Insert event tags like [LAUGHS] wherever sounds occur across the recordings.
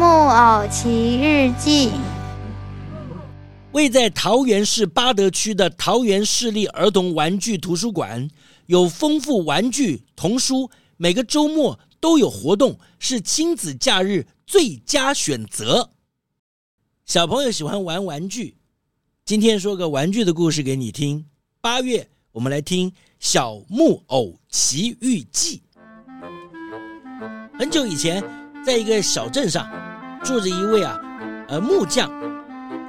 《木偶奇遇記》位在桃園市八德區的桃園市立兒童玩具圖書館，有豐富玩具童書，每個周末都有活動，是親子假日最佳選擇。小朋友喜歡玩玩具，今天說個玩具的故事給你聽。八月，我們來聽《小木偶奇遇記》。很久以前，在一個小鎮上。住着一位啊，呃，木匠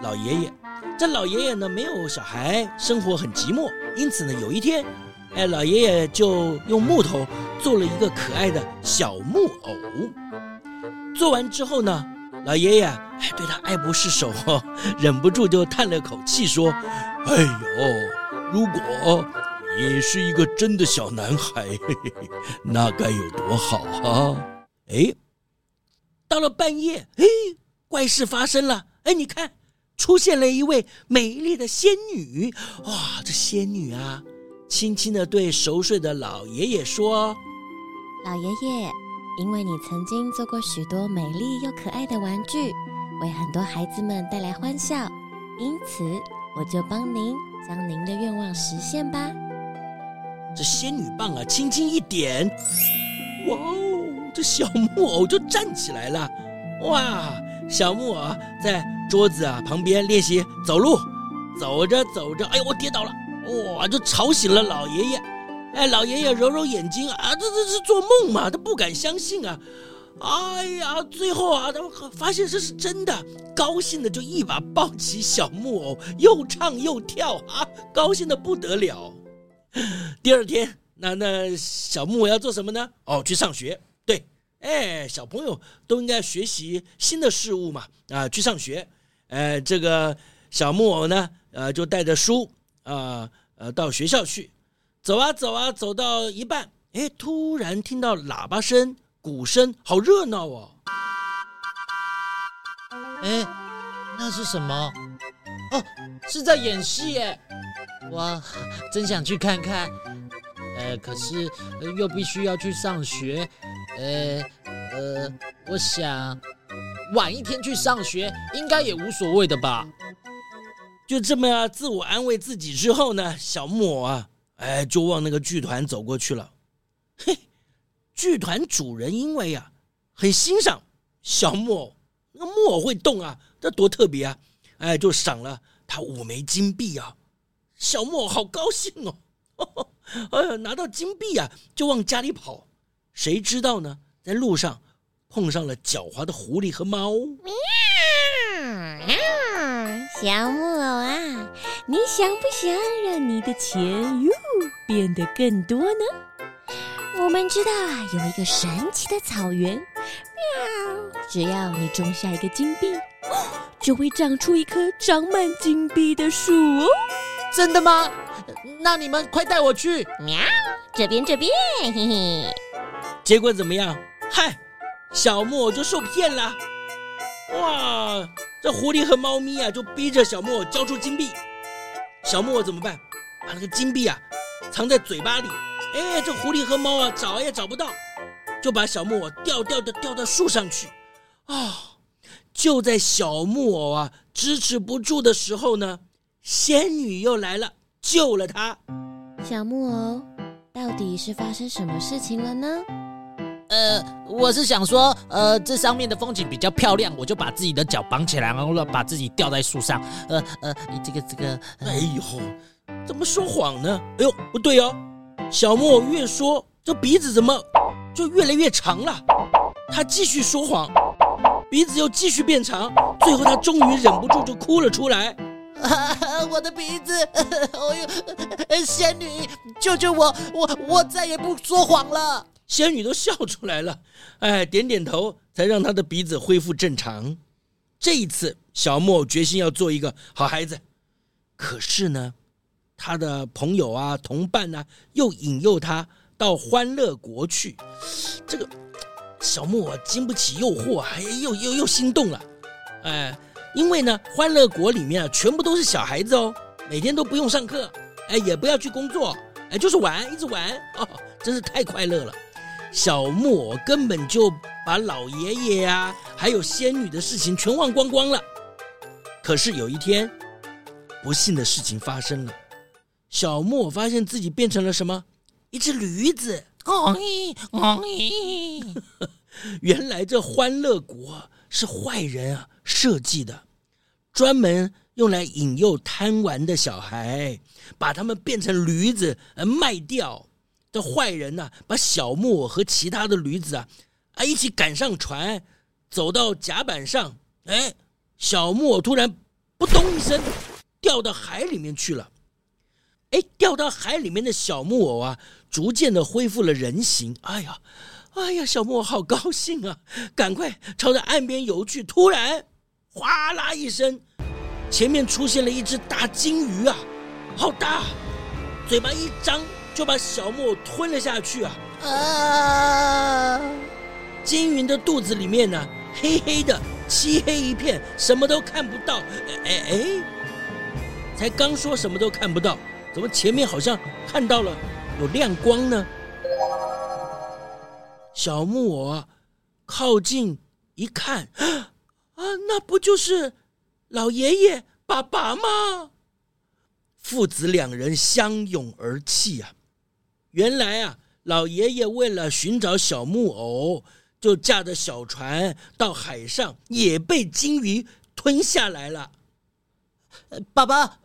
老爺爺。這老爺爺呢，沒有小孩，生活很寂寞。因此呢，有一天，哎，老爺爺就用木頭做了一個可愛的小木偶。做完之後呢，老爺爺還、哎、對他愛不釋手，忍不住就嘆了口氣說：“哎呦，如果你是一個真的小男孩，嘿嘿，那該有多好啊！”哎。到了半夜，嘿、哎，怪事發生了！哎，你看，出現了一位美麗的仙女。哇，這仙女啊，輕輕的對熟睡的老爺爺說：“老爺爺，因為你曾經做過許多美麗又可愛的玩具，為很多孩子們帶來歡笑，因此我就幫您將您的願望實現吧。”這仙女棒啊，輕輕一點，哇！這小木偶就站起來了，哇！小木偶在桌子啊旁邊練習走路，走着走着，哎呦，我跌倒了，哇！就吵醒了老爺爺，哎，老爺爺揉揉眼睛啊，這這這是做夢嘛，他不敢相信啊，哎呀，最後啊，他發現這是真的，高興的就一把抱起小木偶，又唱又跳啊，高興的不得了。第二天，那那小木偶要做什麼呢？哦，去上學。哎，小朋友都應該學習新的事物嘛！啊，呃，去上學。呃，這個小木偶呢，呃，就帶着書，啊，呃，呃，到學校去。走啊走啊，走到一半，哎，突然聽到喇叭聲、鼓聲，好熱鬧哦！哎，那是什麼？哦，是在演戲耶！哇，真想去看看。可是，呃，又必須要去上學。呃呃，我想晚一天去上學應該也無所謂的吧。就這麼啊，自我安慰自己之後呢，小木偶啊，哎，就往那個劇團走過去了。嘿，劇團主人因為啊，很欣賞小木偶，那個木偶會動啊，這多特別啊！哎，就賞了他五枚金幣啊。小木偶好高興哦，呵呵，哎呀，拿到金幣啊，就往家裡跑。誰知道呢？在路上碰上了狡猾的狐狸和貓。喵，小木偶啊，你想不想讓你的錢又變得更多呢？我們知道啊，有一個神奇的草原。喵，只要你種下一個金幣哦，就會長出一棵長滿金幣的樹。哦。真的嗎？那你們快帶我去。喵，這邊這邊，嘿嘿。結果怎麼樣？嗨，小木偶就受騙了。哇，這狐狸和貓咪啊，就逼着小木偶交出金幣。小木偶怎麼辦？把那個金幣啊，藏在嘴巴裡。哎，這狐狸和貓啊，找也找不到，就把小木偶吊吊的吊到樹上去。啊，就在小木偶啊支持不住的時候呢，仙女又來了，救了他。小木偶到底是發生什麼事情了呢？呃，我是想說，呃，這上面的風景比較漂亮，我就把自己的腳綁起來，然後呢，把自己吊在樹上。呃呃，你這個這個、呃，哎呦，怎麼說謊呢？哎呦，不對哦，小木偶越說，這鼻子怎麼就越來越長了？他繼續說謊，鼻子又繼續變長，最後他終於忍不住就哭了出來。啊，我的鼻子！哎呦，仙女救救我！我我再也不說謊了。仙女都笑出來了，哎，點點頭，才讓他的鼻子恢復正常。這一次，小木偶決心要做一個好孩子。可是呢，他的朋友啊、同伴呢、啊，又引誘他到歡樂國去。這個小木偶經不起誘惑，還又又又心動了。哎，因為呢，歡樂國裡面啊，全部都是小孩子哦，每天都不用上課，哎，也不要去工作，哎，就是玩，一直玩哦，真是太快樂了。小木偶根本就把老爺爺呀、啊，還有仙女的事情全忘光光了。可是有一天，不幸的事情發生了，小木偶發現自己變成了什麼？一隻驢子！哦，哦，哦。 [LAUGHS] 原來這歡樂國是壞人設計的，專門用來引誘貪玩的小孩，把他們變成驢子而賣掉。的壞人吶、啊，把小木偶和其他的驢子啊，啊一起趕上船，走到甲板上。哎，小木偶突然撲通一聲掉到海裡面去了。哎，掉到海裡面的小木偶啊，逐漸的恢復了人形。哎呀，哎呀，小木偶好高興啊，趕快朝着岸邊游去。突然，嘩啦一聲，前面出現了一只大鯨魚啊，好大，嘴巴一張。就把小木偶吞了下去啊！啊！鯨魚的肚子裡面呢，黑黑的，漆黑一片，什麼都看不到。哎哎哎！才剛說什麼都看不到，怎麼前面好像看到了有亮光呢？小木偶靠近一看，啊，那不就是老爺爺爸爸嗎？父子兩人相擁而泣啊。原來啊，老爺爺為了尋找小木偶，就駕着小船到海上，也被鯨魚吞下來了。爸爸，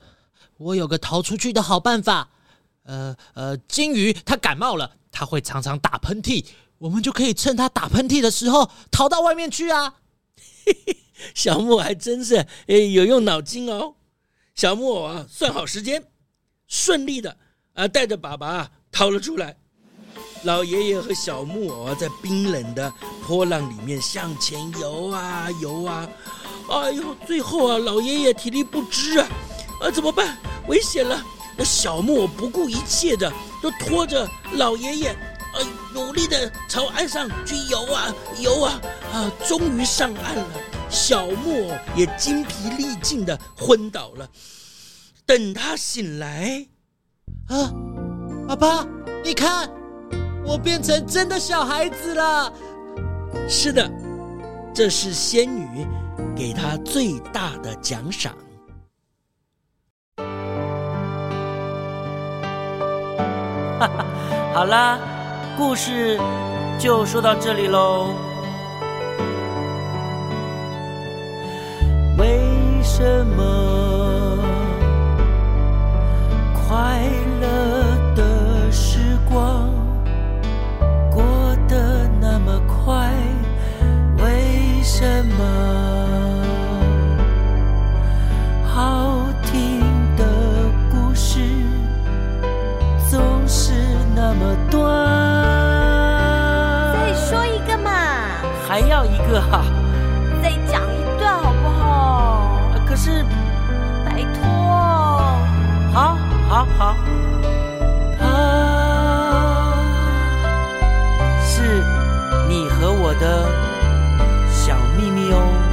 我有個逃出去的好辦法。呃呃，鯨魚它感冒了，它會常常打噴嚏，我們就可以趁它打噴嚏的時候逃到外面去啊。 [LAUGHS] 小木偶還真是誒，有用腦筋哦。小木偶啊，算好時間，順利的啊、呃，帶着爸爸逃了出來，老爺爺和小木偶在冰冷的波浪裡面向前游啊游啊，哎呦，最後啊，老爺爺體力不支啊，啊，怎麼辦？危險了！那小木偶不顧一切的，都拖着老爺爺、啊、努力的朝岸上去游啊游啊啊，終於上岸了。小木偶也精疲力盡的昏倒了。等他醒來，啊。爸爸，你看，我變成真的小孩子了。是的，這是仙女給他最大的獎賞。哈哈，好啦，故事就說到這裡嘍。為什麼？哈哈，再講一段好不好？可是，拜託，好，好，好，它、啊、是你和我的小秘密哦。